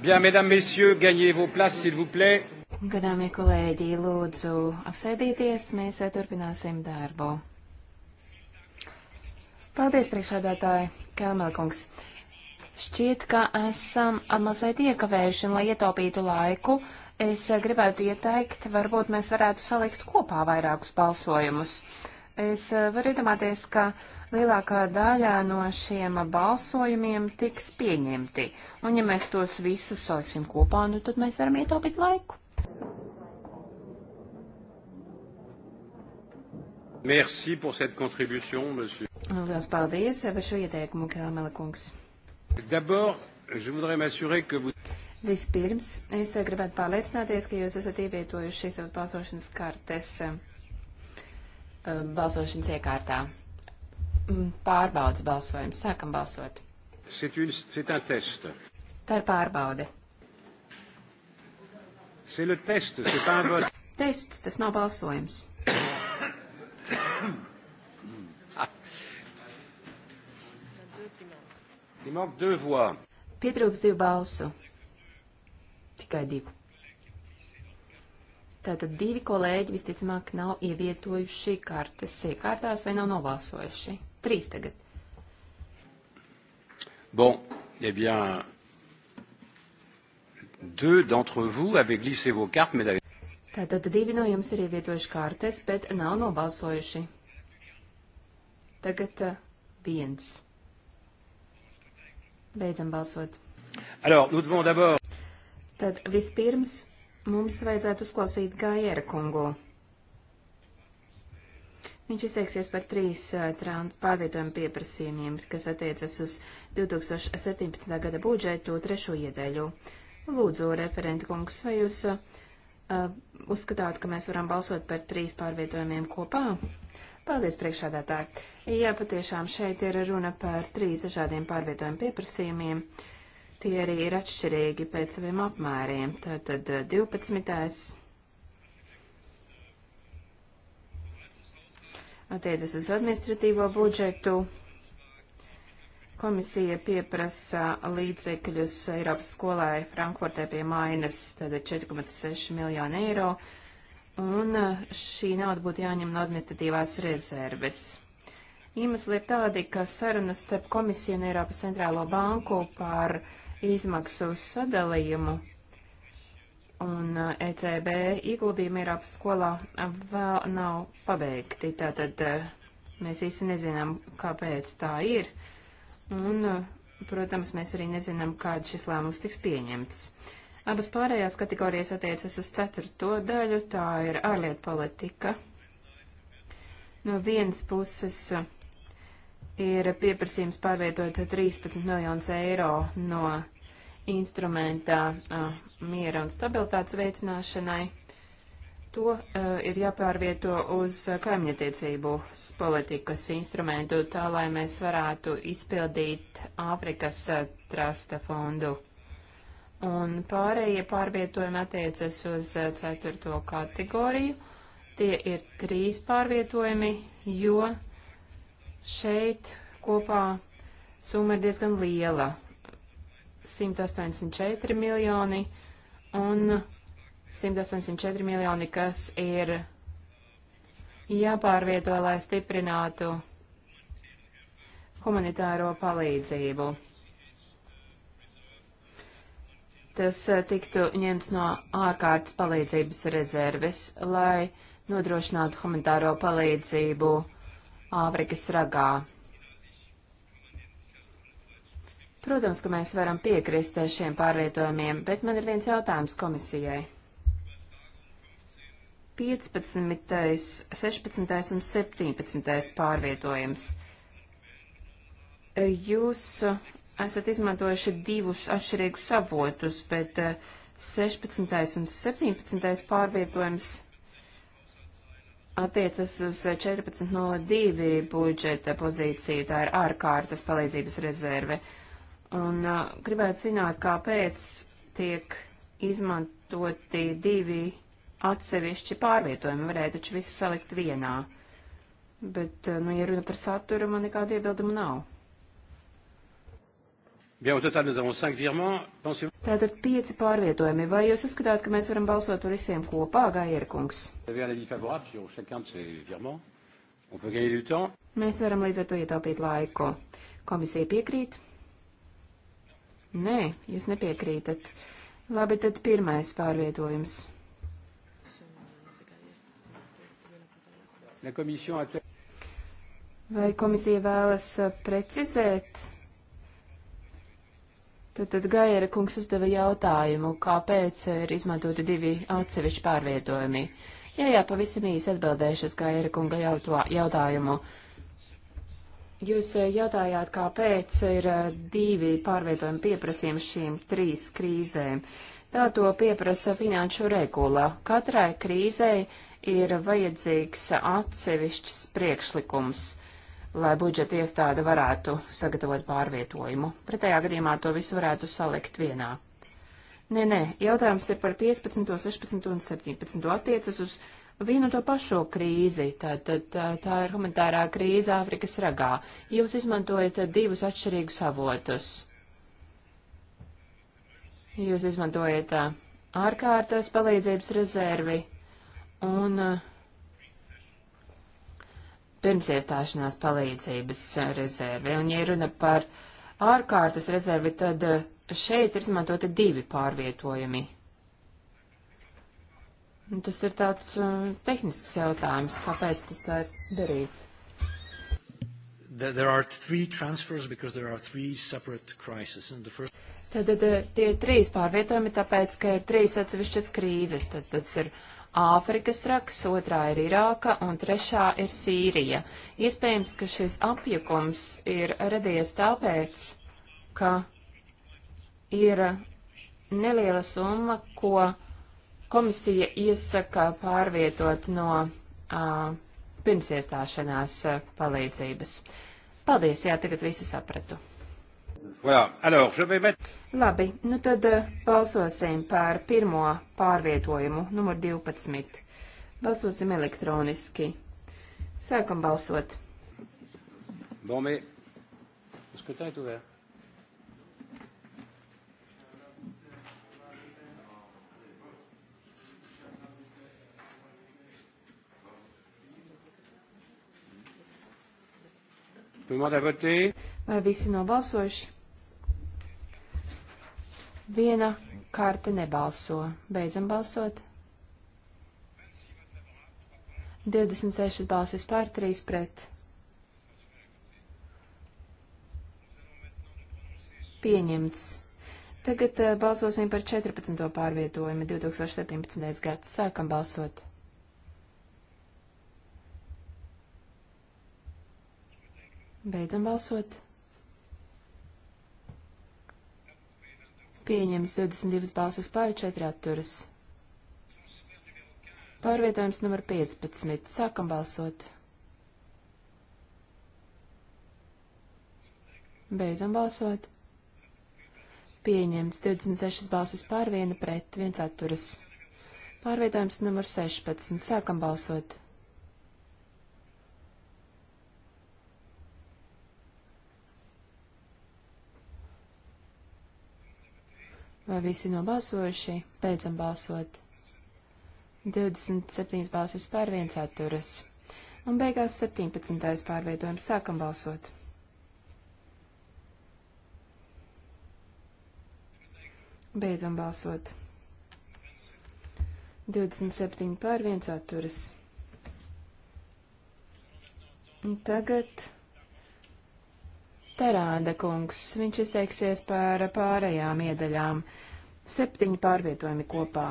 Bien, mesdames, messieurs, gagnez vos places, s'il vous plaît. Gadāmie kolēģi, lūdzu apsēdieties, mēs eh, turpināsim darbu. Paldies, priekšādātāji, Kelmelkungs. Šķiet, ka esam mazliet iekavējuši, un lai ietaupītu laiku, es eh, gribētu ieteikt, varbūt mēs varētu salikt kopā vairākus balsojumus. Es eh, varu iedomāties, ka uh, lielākā daļā no šiem balsojumiem tiks pieņemti. Un ja mēs tos visus saliksim kopā, nu tad mēs varam ietaupīt laiku. Merci pour cette contribution, monsieur. Nu, liels paldies par šo ieteikumu, Kēlamela kungs. D'abord, je voudrais m'assurer que vous... Vispirms, es gribētu pārliecināties, ka jūs esat ievietojuši savas balsošanas kartes eh, balsošanas iekārtā. Mm, Pārbaudas balsojums. Sākam balsot. Tā ir pārbaude. Test, Tests, tas nav balsojums. Pietrūks divu balsu. Tikai divu. Tātad divi kolēģi visticamāk nav ievietojuši kartes iekārtās vai nav nobalsojuši. Trīs tagad. Bon, eh bien, deux d'entre vous avez glissé vos cartes, mais avez... Tātad divi no jums ir ievietojuši kartes, bet nav nobalsojuši. Tagad uh, viens. Beidzam balsot. Alors, nous devons d'abord... Tad vispirms mums vajadzētu uzklausīt Gaiera kungu. Viņš izteiksies par trīs pārvietojumu pieprasījumiem, kas attiecas uz 2017. gada budžetu trešo iedaļu. Lūdzu, referenta kungs, vai jūs uh, uzskatāt, ka mēs varam balsot par trīs pārvietojumiem kopā? Paldies, priekšādātāji. Jā, patiešām šeit ir runa par trīs dažādiem pārvietojumu pieprasījumiem. Tie arī ir atšķirīgi pēc saviem apmēriem. Tātad 12. attiecas uz administratīvo budžetu. Komisija pieprasa līdzekļus Eiropas skolai Frankfurtē pie Mainas, tātad 4,6 miljonu eiro, un uh, šī nauda būtu jāņem no administratīvās rezerves. Iemesli ir tādi, ka sarunas starp komisiju un Eiropas centrālo banku par izmaksu sadalījumu un uh, ECB ieguldījumi Eiropas skolā vēl nav pabeigti. Tātad uh, mēs īsti nezinām, kāpēc tā ir. Un, uh, protams, mēs arī nezinām, kāds šis lēmums tiks pieņemts. Abas pārējās kategorijas attiecas uz ceturto daļu, tā ir ārlietu politika. No vienas puses ir pieprasījums pārvietot 13 miljonus eiro no instrumentā uh, miera un stabilitātes veicināšanai. To uh, ir jāpārvieto uz kaimiņatiecību politikas instrumentu, tā lai mēs varētu izpildīt Āfrikas uh, trasta fondu. Un pārējie pārvietojumi attiecas uz uh, ceturto kategoriju. Tie ir trīs pārvietojumi, jo šeit kopā summa ir diezgan liela 184 miljoni un 184 miljoni, kas ir jāpārvieto, lai stiprinātu humanitāro palīdzību. Tas eh, tiktu ņemts no ārkārtas palīdzības rezerves, lai nodrošinātu humanitāro palīdzību Āfrikas ragā. Protams, ka mēs varam piekrist šiem pārvietojumiem, bet man ir viens jautājums komisijai. 15., 16. un 17. pārvietojums. Jūs esat izmantojuši divus atšķirīgus avotus, bet 16. Eh, un 17. pārvietojums attiecas uz 14.02 budžeta pozīciju, tā ir ārkārtas palīdzības rezerve. Uh, Un uh, gribētu zināt, kāpēc tiek izmantoti divi atsevišķi pārvietojumi. Varēja taču visu salikt vienā. Bet, uh, nu, ja runa par saturu, man nekādu iebildumu nav. Bien, au total, nous avons cinq virements. Pensez... Tātad pieci pārvietojumi. Vai jūs uzskatāt, ka mēs varam balsot par visiem kopā, Gairkungs? Mēs varam līdz ar to ietaupīt laiku. Komisija piekrīt. Nē, jūs nepiekrītat. Labi, tad pirmais pārvietojums. Vai komisija vēlas uh, precizēt? Tad, tad Gaiera kungs uzdeva jautājumu, kāpēc uh, ir izmantoti divi atsevišķi pārvietojumi. Jā, jā, pavisam īsi atbildēšu uz Gaiera kunga jautā, jautājumu. Uh, Jūs eh, jautājāt, kāpēc ir eh, divi pārvietojumi pieprasījumi šīm trīs krīzēm. Tā to pieprasa finanšu regula. Katrai krīzei ir vajadzīgs atsevišķs priekšlikums, lai budžeta iestāde varētu sagatavot pārvietojumu. Pretējā gadījumā to visu varētu salikt vienā. Nē, nē, jautājums ir par 15, 16 un 17. attiecas uz vienu to pašu krīzi. Tātad tā, tā, tā ir humanitārā krīze Āfrikas ragā. Jūs izmantojat divus atšķirīgus avotus. Jūs izmantojat ārkārtas palīdzības rezervi un pirms iestāšanās palīdzības rezervi. Un, ja runa par ārkārtas rezervi, tad šeit ir izmantoti divi pārvietojumi Tas ir tāds uh, tehnisks jautājums, kāpēc tas tā ir darīts. There, there are three transfers because there are three separate crises. And the first... Tātad uh, tie ir trīs pārvietojumi, tāpēc, ka ir trīs atsevišķas krīzes. Tad tas ir Āfrikas raks, otrā ir Irāka un trešā ir Sīrija. Iespējams, ka šis apjukums ir radies tāpēc, ka ir neliela summa, ko Komisija iesaka pārvietot no uh, pirms iestāšanās uh, palīdzības. Paldies, jā, tagad visi sapratu. Voilà. Alors, je vais mettre... Labi, nu tad uh, balsosim par pirmo pārvietojumu, numur 12. Balsosim elektroniski. Sākam balsot. Bon, mais... Le scrutin est ouvert. Vai visi nobalsojuši? Viena karte nebalso. Beidzam balsot. 26 balsis pār, 3 pret. Pieņemts. Tagad eh, balsosim par 14. pārvietojumu 2017. gads. Sākam balsot. Beidzam balsot. Pieņems 22 balsas pāri 4 atturas. Pārvietojums numur 15. Sākam balsot. Beidzam balsot. Pieņems 26 balsas pār 1 pret 1 atturas. Pārvietojums numur 16. Sākam balsot. Vai visi nobalsojuši? Beidzam balsot. 27 balsis pār viens atturas. Un beigās 17. pārveidojums sākam balsot. Beidzam balsot. 27 pār viens atturas. Un tagad Terāda kungs, viņš izteiksies par pārējām iedaļām. Septiņi pārvietojumi kopā.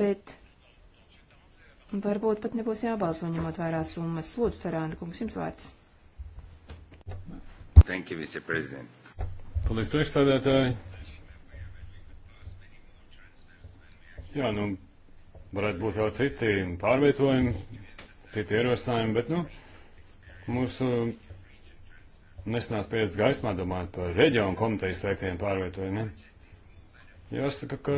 Bet varbūt pat nebūs jābalso ņemot vairāk summas. Lūdzu, Terāda kungs, jums vārds. Thank you, Mr. President. Paldies, priekšstādētāji. Jā, nu, varētu būt vēl citi pārvietojumi, citi ierosinājumi, bet, nu, Mūsu nesenās pieredzes gaismā domājot par reģionu komitejas veiktiem pārvietojumiem. Jāsaka, ka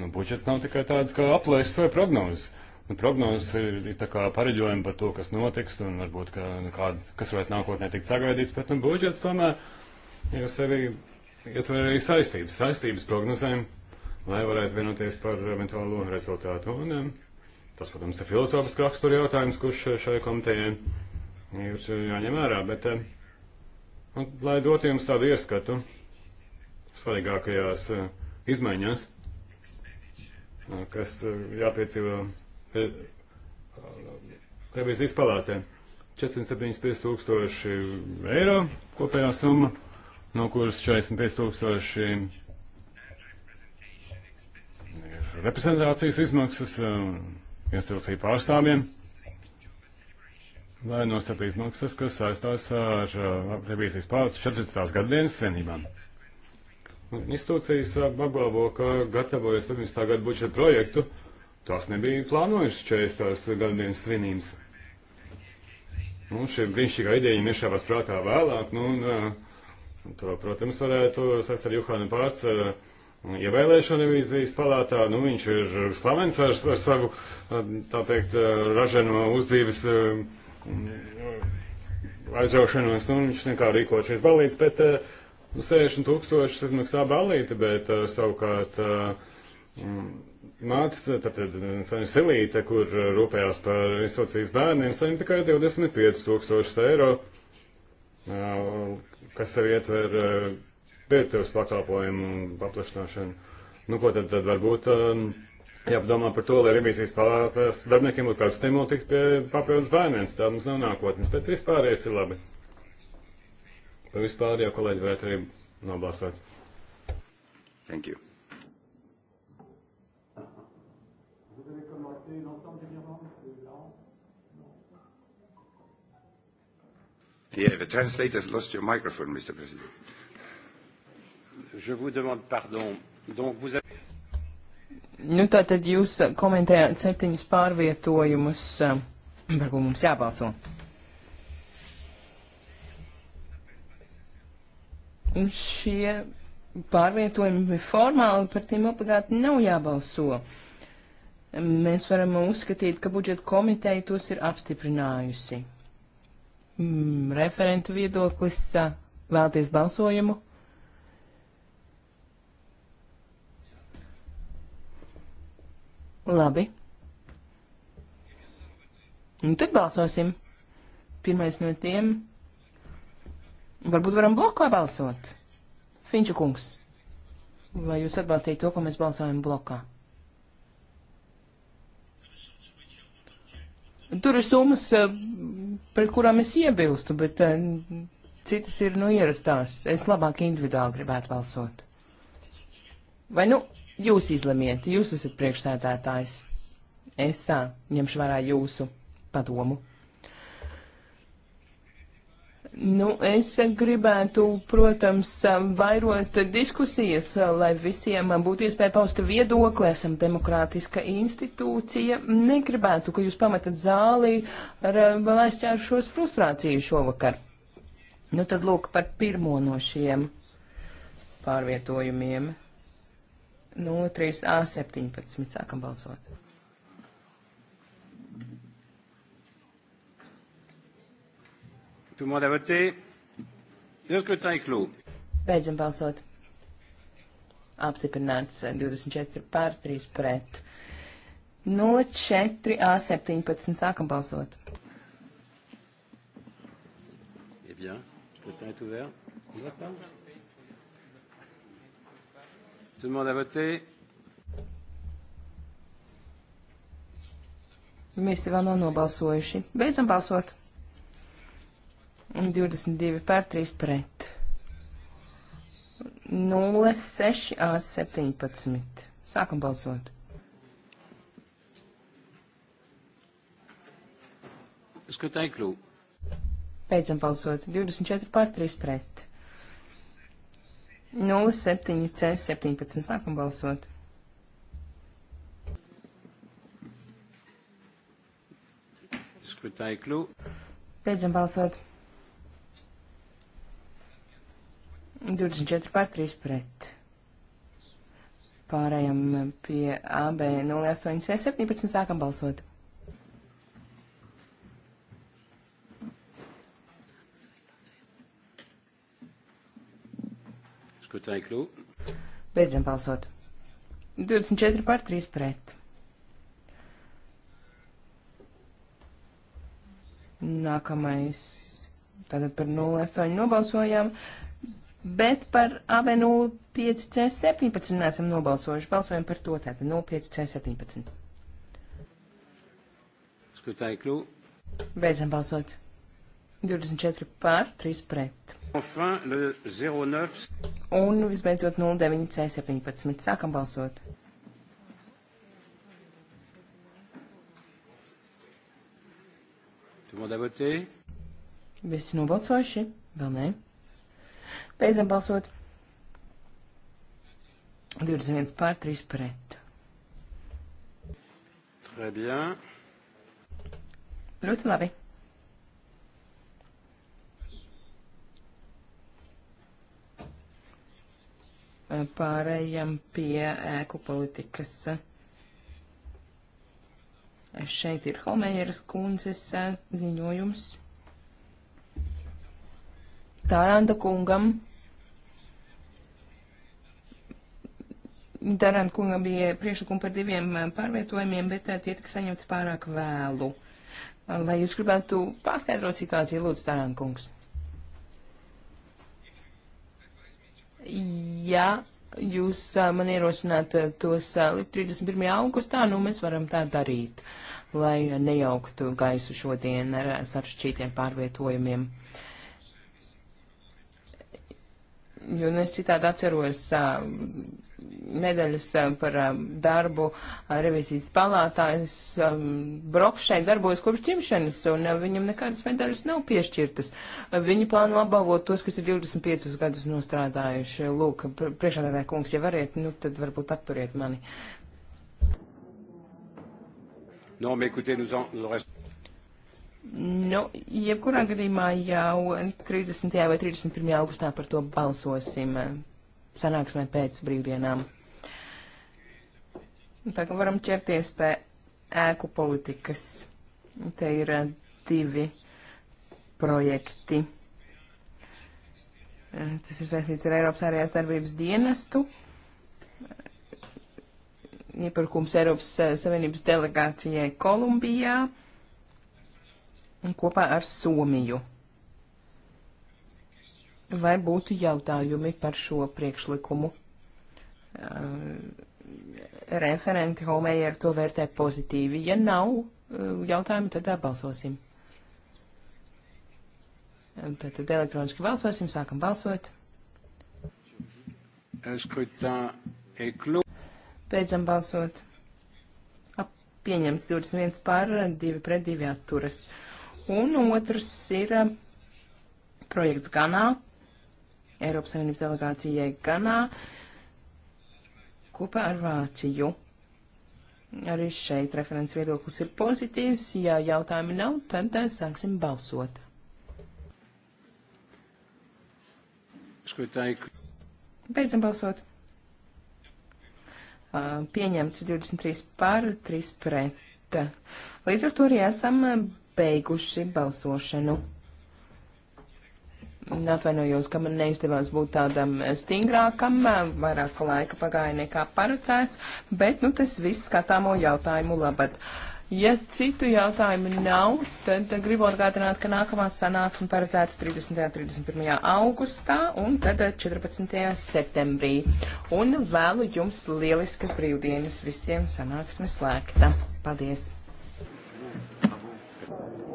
nu, budžets nav tikai tāds kā aplēsts vai prognozes. Nu, prognozes ir, ir tā kā pareģojumi par to, kas notiks un varbūt, ka, nu, kād, kas varētu nākotnē tikt sagaidīts, bet nu, budžets tomēr ir sevi ietver arī saistības, saistības prognozēm, lai varētu vienoties par eventuālo rezultātu. Un, um, tas, protams, ir filozofisks rakstura jautājums, kurš šai komitejai Jūs eh, jāņem vērā, bet, eh, un, nu, lai dotu jums tādu ieskatu svarīgākajās eh, izmaiņās, kas jāpiedzīvo revizijas palātē. 475 tūkstoši eiro kopējā summa, no kuras 45 tūkstoši reprezentācijas izmaksas institūciju pārstāvjiem lai nostatīs maksas, kas saistās ar uh, revīzijas pārstas 14. gadadienas svenībām. Institūcijas uh, apgalvo, ka gatavojas 17. gada budžeta projektu, tās nebija plānojušas 40. gadadienas svinības. Nu, šī brīnišķīgā ideja iešāvās prātā vēlāk, nu, un, uh, to, protams, varētu saistīt ar Juhānu pārts uh, ievēlēšanu revīzijas palātā. Nu, viņš ir slavens ar, ar savu, uh, tā teikt, raženo uzdzīves uh, Eh, aizraušanos un viņš nekā rīkot šīs balītes, bet uh, eh, 60 tūkstoši izmaksā balīti, bet uh, savukārt uh, mm, mācis, tad, tad silīte, kur rūpējās par izsocījis bērniem, saņem tikai 25 tūkstošus eiro, uh, kas tev ietver uh, pietuvs pakalpojumu paplašināšanu. Nu, ko tad, tad varbūt. Uh, jāpadomā par to, lai revīzijas palātas darbiniekiem būtu kāds stimuli tikt pie papildus bērniem, tā mums nav nākotnes, bet vispārējais ir labi. Par vispār jau kolēģi varētu arī nobalsot. Thank you. Yeah, the translator has lost your microphone, Mr. President. Je vous demande pardon. Donc vous avez... Nu, tā tad jūs komentējāt septiņus pārvietojumus, eh, par ko mums jābalso. Un šie pārvietojumi formāli par tiem obligāti nav jābalso. Mēs varam uzskatīt, ka budžeta komiteja tos ir apstiprinājusi. Mm, Referentu viedoklis eh, vēlties balsojumu. Labi. Nu, tad balsosim. Pirmais no tiem. Varbūt varam blokā balsot. Finča kungs, vai jūs atbalstījat to, ko mēs balsojam blokā? Tur ir summas, eh, pret kurām es iebilstu, bet eh, citas ir no nu, ierastās. Es labāk individuāli gribētu balsot. Vai nu Jūs izlemiet, jūs esat priekšsēdētājs. Es tā, ņemšu vērā jūsu padomu. Nu, es gribētu, protams, vairot diskusijas, lai visiem būtu iespēja paust viedokli. Esam demokrātiska institūcija. Negribētu, ka jūs pametat zāli ar vēl aizķēršos frustrāciju šovakar. Nu, tad lūk par pirmo no šiem pārvietojumiem. 03A17. Nu, sākam balsot. Tout le monde a voté. Le scrutin est clos. Beidzam balsot. Apstiprināts 24 pār 3 pret. No 4 A17 sākam balsot. Eh bien, scrutin est ouvert. On va pas. Tout le monde a voté. Visi vēl nav nobalsojuši. Beidzam balsot. Un 22 pār 3 pret. 06 A17. Sākam balsot. Skatāj klū. Beidzam balsot. 24 pār 3 pret. 07C17. Sākam balsot. Skatāju klū. Beidzam balsot. 24 pār 3 pret. Pārējām pie AB 08C17. Sākam balsot. Skatāj, klū. Beidzam balsot. 24 par 3 pret. Nākamais. Tātad par 0,8 nobalsojām, bet par AB 05C17 neesam nobalsojuši. Balsojam par to, tātad 05C17. Skatāj, klū. Beidzam balsot. 24 par, 3 pret. Enfin, le 09. Un visbeidzot 09C17. Sākam balsot. Visi nobalsojuši? Vēl nē. Beidzam balsot. 21 pār 3 pret. Très bien. Ļoti labi. pārējam pie ēku politikas. Šeit ir Holmējeras kundzes ziņojums. Tāranda kungam. Tāranda kungam bija priekšlikumi par diviem pārvietojumiem, bet tie tika saņemti pārāk vēlu. Vai jūs gribētu paskaidrot situāciju, lūdzu, Tāranda kungs? Ja jūs man ierosināt tos likt 31. augustā, nu mēs varam tā darīt, lai nejauktu gaisu šodien ar saršķītiem pārvietojumiem. Jo nu, es citādi atceros medaļas eh, par eh, darbu eh, revizijas palātājs. Broks šeit darbojas kopš dzimšanas, un viņam nekādas medaļas nav piešķirtas. Viņi plāno apbalvot tos, kas ir 25 gadus nostrādājuši. Lūk, priekšādātāja kungs, ja variet, nu tad varbūt apturiet mani. Non, mais écoutez, nous en, nous en restons. Nu, jebkurā gadījumā jau 30. vai 31. augustā par to balsosim sanāksmē pēc brīvdienām. Tagad varam ķerties pie ēku politikas. Te ir eh, divi projekti. Eh, tas ir saistīts ar Eiropas ārējās darbības dienestu. Eh, iepirkums Eiropas Savienības delegācijai Kolumbijā un kopā ar Somiju. Vai būtu jautājumi par šo priekšlikumu? Uh, referenti Homēja ar to vērtē pozitīvi. Ja nav eh, jautājumu, tad eh, balsosim. Tad, tad elektroniski balsosim, sākam balsot. Beidzam balsot. Ap, pieņems 21 pār, 2 pret 2 atturas. Un otrs ir eh, projekts Ganā, Eiropas Savienības delegācijai Ganā. Uh, kopā ar Vāciju. Arī šeit referents viedoklis ir pozitīvs. Ja jautājumi nav, tad eh, sāksim balsot. Beidzam balsot. Eh, pieņemts 23 pār, 3 pret. Līdz ar to arī esam eh, beiguši balsošanu. Atvainojos, ka man neizdevās būt tādam stingrākam, vairāk laika pagāja nekā paredzēts, bet nu, tas viss skatāmo jautājumu labad. Ja citu jautājumu nav, tad gribu atgādināt, ka nākamā sanāksme paredzēta 30. un 31. augustā un tad 14. septembrī. Un vēlu jums lieliskas brīvdienas visiem sanāksmes slēgta. Paldies!